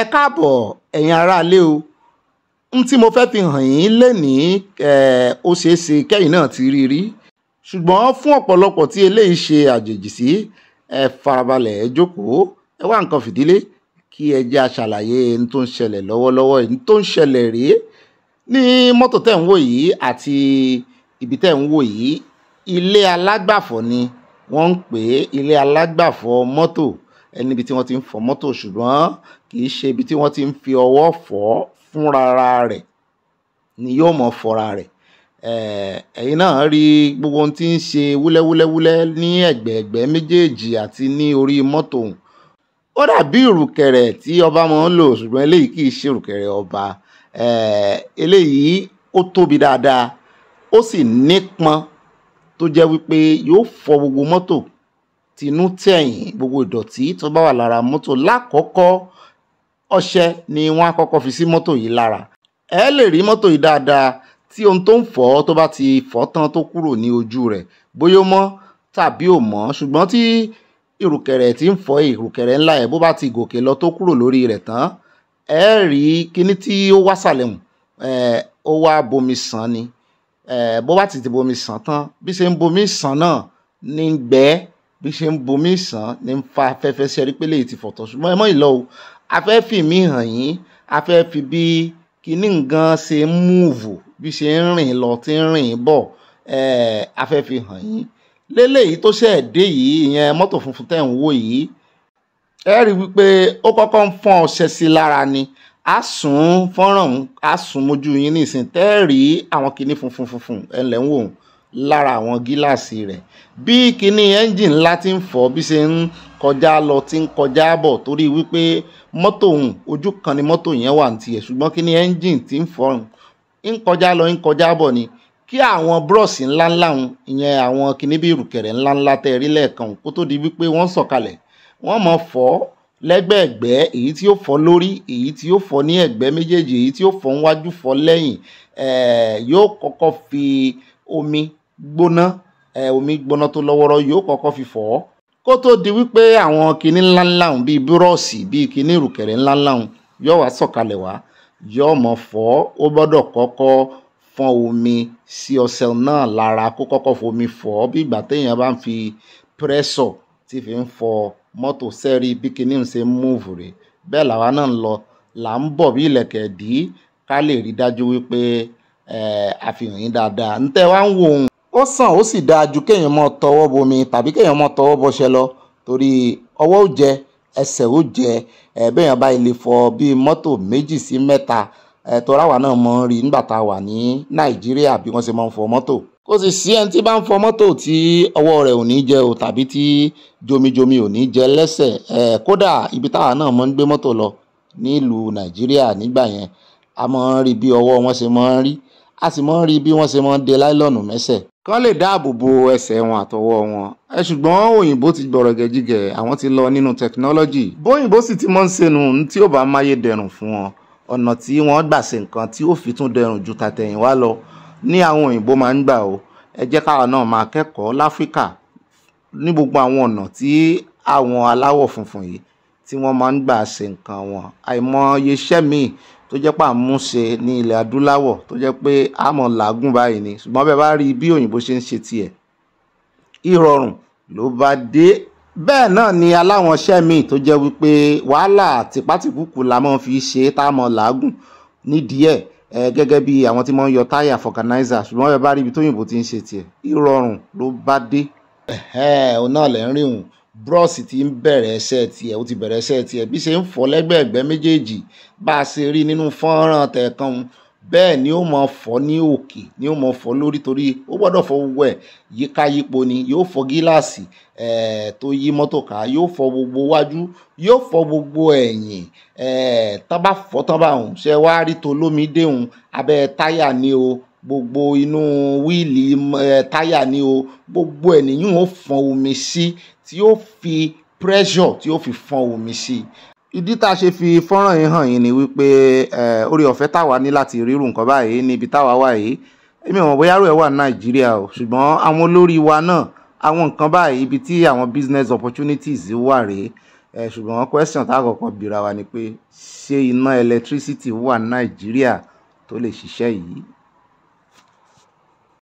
ẹ káàbọ̀ ẹ̀yin aráalé o n tí mo fẹ́ fi hàn yín lénìí ó ṣeé ṣe kẹ́yìn náà ti rí rí ṣùgbọ́n fún ọ̀pọ̀lọpọ̀ tí eléyìí ṣe àjèjì sí ẹ farabalẹ̀ ẹ jókòó ẹ wá nǹkan fìdílé kí ẹ jẹ́ aṣàlàyé n tó ń ṣẹlẹ̀ lọ́wọ́lọ́wọ́ n tó ń ṣẹlẹ̀ rèé ní mọ́tò tẹ̀ ń wò yìí àti ibi tẹ̀ ń wò yìí ilé alágbàfọ̀ ni wọ́n ń pè é ilé alágbàfọ̀ mọ́tò ẹni níbi tí wọ́n ti ń fọ mọ́tò ṣùgbọ́n kì í ṣe ibi tí wọ́n ti ń fi ọwọ́ fọ́ fúnra rẹ̀ ni yóò mọ̀ fọ́ra rẹ̀ ẹ̀yin náà rí gbogbo ohun tí ń ṣe wúlẹ́wúlẹ́wúlẹ́ ní ẹ̀gbẹ̀ẹ̀gbẹ́ méjèèjì àti ní orí mọ́tò òun ó dàbí ìrùkẹ̀rẹ̀ tí ọba máa ń lò ṣùgbọ́n eléyìí kì í ṣe ìrùkẹ̀rẹ̀ ọba eléyìí ó tóbi dáadáa ó sì nípọn tó jẹ́ wípé yóò fọ gbogbo mọ́tò tinú tẹ̀yìn gbogbo ìdọ̀tí tó bá wà lára mọ́tò lákọ̀ọ́kọ́ ọṣẹ ni wọ́n á kọ́kọ́ fi sí mọ́tò yìí lára ẹ lè rí mọ́tò yìí dáadáa tí ohun tó ń fọ̀ tó bá ti fọ̀ tán tó kúrò ní ojú rẹ̀ bóyá ó mọ́ tàbí ò mọ́ ṣùgbọ́n tí ìrùkẹ̀rẹ̀ tí ń fọ̀ ìrùkẹ̀rẹ̀ ńlá ẹ̀ bó bá ti gòkè lọ tó kúrò lórí rẹ̀ tán ẹ rí kíní tí ó wá sàlẹ̀ hùn ó wá bomi sàn ni bó bá ti ti bomi sàn tán bí ṣe ń bomi sàn náà ní gbẹ́ẹ́ bí ṣe ń bomi sàn ní ń fa afẹ́fẹ́ sí ẹrí pé léyìí ti fọ̀tọ̀ ṣùgbọ́n ẹ mọ́ ìlọ o afẹ́fì mi hàn yín afẹ́fì bí kíní nǹkan ṣe ń múùvù bí ṣe ń rìn lọ tí ń rìn bọ̀ afẹ́fì hàn yín léléyìí tó ṣẹ̀ dé yìí ìyẹn mọ́tò funfun tẹ̀ ń wò yìí ẹ rí i wípé ó kọ́kọ́ ń fọ́n ọṣẹ sí lára ni a sùn fọ́nrán a sùn mójú yín nísìnyí tẹ́ẹ̀ rí àwọn kíní funfun funfun ẹ̀ ń lẹ́ ń wò ó lára àwọn gíláàsì rẹ̀ bí kinní ẹ́ńjìn ńlá ti ń fọ́ bí ṣe ń kọjá lọ ti ń kọjá bọ̀ torí wípé mọ́tò òun ojú kan ni mọ́tò yẹn wà ní tiẹ̀ ṣùgbọ́n kinní ẹ́ńjìn ti ń fọ́ ń kọjá lọ ń kọjá bọ̀ ni kí àwọn búrọ̀sì ńláńlá òun ìyẹn àwọn kinní bí ìrùkẹ̀rẹ̀ ńláńlá tẹ́ rí lẹ́ẹ̀kan kó tó di wípé wọ́n sọ̀kalẹ̀ wọ́n mọ̀ fọ́ lẹ́gbẹ̀ẹ́gbẹ́ èyí tí ó fọ́ lórí èyí tí ó fọ́ ní ẹ̀gbẹ́ méjèèjì èyí tí ó fọ́ níwájú fọ́ lẹ́yìn yóò kọ́kọ́ fi omi gbóná omi gbóná tó lọ́wọ́rọ́ yóò kọ́kọ́ fi fọ̀ ọ́ kó tó di wípé àwọn kinní ńláńlá òun bíi búrọ́ọ̀sì bíi kinní ìrùkẹ̀rẹ̀ ńláńlá òun yóò wá sọ̀kalẹ̀ wá yóò mọ̀ fọ̀ ọ́ ó gbọ́dọ̀ kọ́kọ́ fọ́n omi sí ọṣẹ náà lára kó kọ́kọ́ fomi fọ̀ ọ́ bí ìgbà téèyàn bá ń fi pírẹ́sọ̀ tí fi ń fọ mọ́tò sẹ́rí bí kinní ṣe ń múùfù rè bẹ́ẹ̀ làwa náà ń lọ là ń bọ̀ bí ìlẹ̀kẹ̀ dì ká lè rí dájú wípé àfihàn yín dáadáa ntẹ́ wá ń wò ó ó sàn ó sì dáa ju kéèyàn mọ́ tọwọ́ bomi tàbí kéèyàn mọ́ tọwọ́ bọṣẹ lọ torí ọwọ́ ó jẹ ẹsẹ̀ ó jẹ ẹ̀ẹ́dẹ́yàn bá ilé fọ bíi mọ́tò méjì sí mẹ́ta ẹ̀tọ́ ráwa náà mọ̀ ń rí nígbà tá a wà ní nàìjíríà bí wọ́n ṣe máa ń fọ mọ́tò kò sì sí ẹni tí bá ń fọ mọ́tò tí ọwọ́ rẹ̀ ò ní jẹ o tàbí tí jomijomi ò ní jẹ lẹ́sẹ̀ ẹ̀ kódà ibi táwa náà mọ̀ ń gbé mọ́tò lọ nílùú nàìjíríà nígbà yẹn a mọ̀ rí bí ọwọ́ wọn ṣe mọ̀ rí a sì mọ̀ rí bí wọ́n ṣe mọ̀ de láìlọ́ọ̀nù mẹ́sẹ̀ kọ́ lè dáàbò bo ẹsẹ̀ wọn àtọwọ́ wọn ẹ ṣùgbọ́n òyìnbó ti gbọ̀rọ̀ gẹ̀jígẹ̀ àwọn ti lọ nínú tẹkinọ́lọ́jì bóyìnbó sì ti mọ́ ń ṣe nù tí ó bá máyé dẹrùn fún wọn ọ̀nà tí wọ́n gbà ṣe nǹkan tí ó fi tún dẹrùn ju tàtẹ̀yìnwá lọ ní àwọn òyìnbó máa ń gbà o ẹ jẹ́ káwa náà máa kẹ́kọ̀ọ́ láfíríkà ní gbogbo àwọn ọ̀nà tí àwọn aláwọ̀ funfun yìí tí wọ́n máa ń gbà ṣe nǹkan wọn àìmọye iṣẹ́ míì tó jẹ́ pà ń mú ṣe ní ilẹ̀ adúláwọ̀ tó jẹ́ pé a làágùn báyìí ni ṣùgbọ́n bẹ́ẹ̀ bá rí bí òyìnbó ṣe ń ṣe tiẹ̀ ìrọ̀rùn ló bá dé bẹ́ẹ̀ náà ni aláwọn iṣẹ́ míì tó jẹ́ wípé wàhálà tìpátìkùkù la máa fi ṣe tá a mọ̀ làágùn nídìí ẹ̀ ẹ gẹ́gẹ́ bí àwọn tí wọ́n ń yọ táyà fọ̀gànáìzà ṣùgbọ́n ẹ bá rí ibi tóyìnbó ti ń ṣe tiẹ̀ ìrọ̀rùn ló bá dé. òun náà lẹ́ ń rí òun bros ti ń bẹ̀rẹ̀ ẹsẹ̀ tiẹ̀ ó ti bẹ̀rẹ̀ ẹsẹ̀ tiẹ̀ bí ṣe ń fọ́ lẹ́gbẹ̀ẹ́gbẹ́ méjèèjì bá a ṣe rí nínú fọ́nrán tẹ̀kan bẹ́ẹ̀ ni ó mọ fọ́ ní òkè ni ó mọ fọ́ lórí torí ó gbọ́dọ̀ fọ́ gbogbo ẹ̀ yíká yípo ni yóò fọ́ gíláàsì eh, tó yí mọ́tò ká yóò fọ́ gbogbo wájú yóò fọ́ gbogbo ẹ̀yìn eh, tábà fọ́ tábà hùn ṣe wá rí tolómi déhùn abẹ́ táyà ni o gbogbo inú wíìlì eh, táyà ni o gbogbo ẹ̀ nìyí ó fọn omi sí tí ó fi pressure tí ó fi fọn omi sí ìdí tá a ṣe fi fọ́nrán yìí hàn yín ni wípé eh, orí ọ̀fẹ́ táwa ní láti rírù nǹkan báyìí níbi táwa wà yìí èmi ò mọ̀ bóyá rẹ̀ wà ní nàìjíríà o ṣùgbọ́n àwọn olórí wa náà àwọn nǹkan báyìí ibi tí àwọn business opportunities wà rèé ẹ ṣùgbọ́n question tá a kọ́kọ́ bìra wa ni pé ṣé iná electricity wà ní nàìjíríà tó lè ṣiṣẹ́ yìí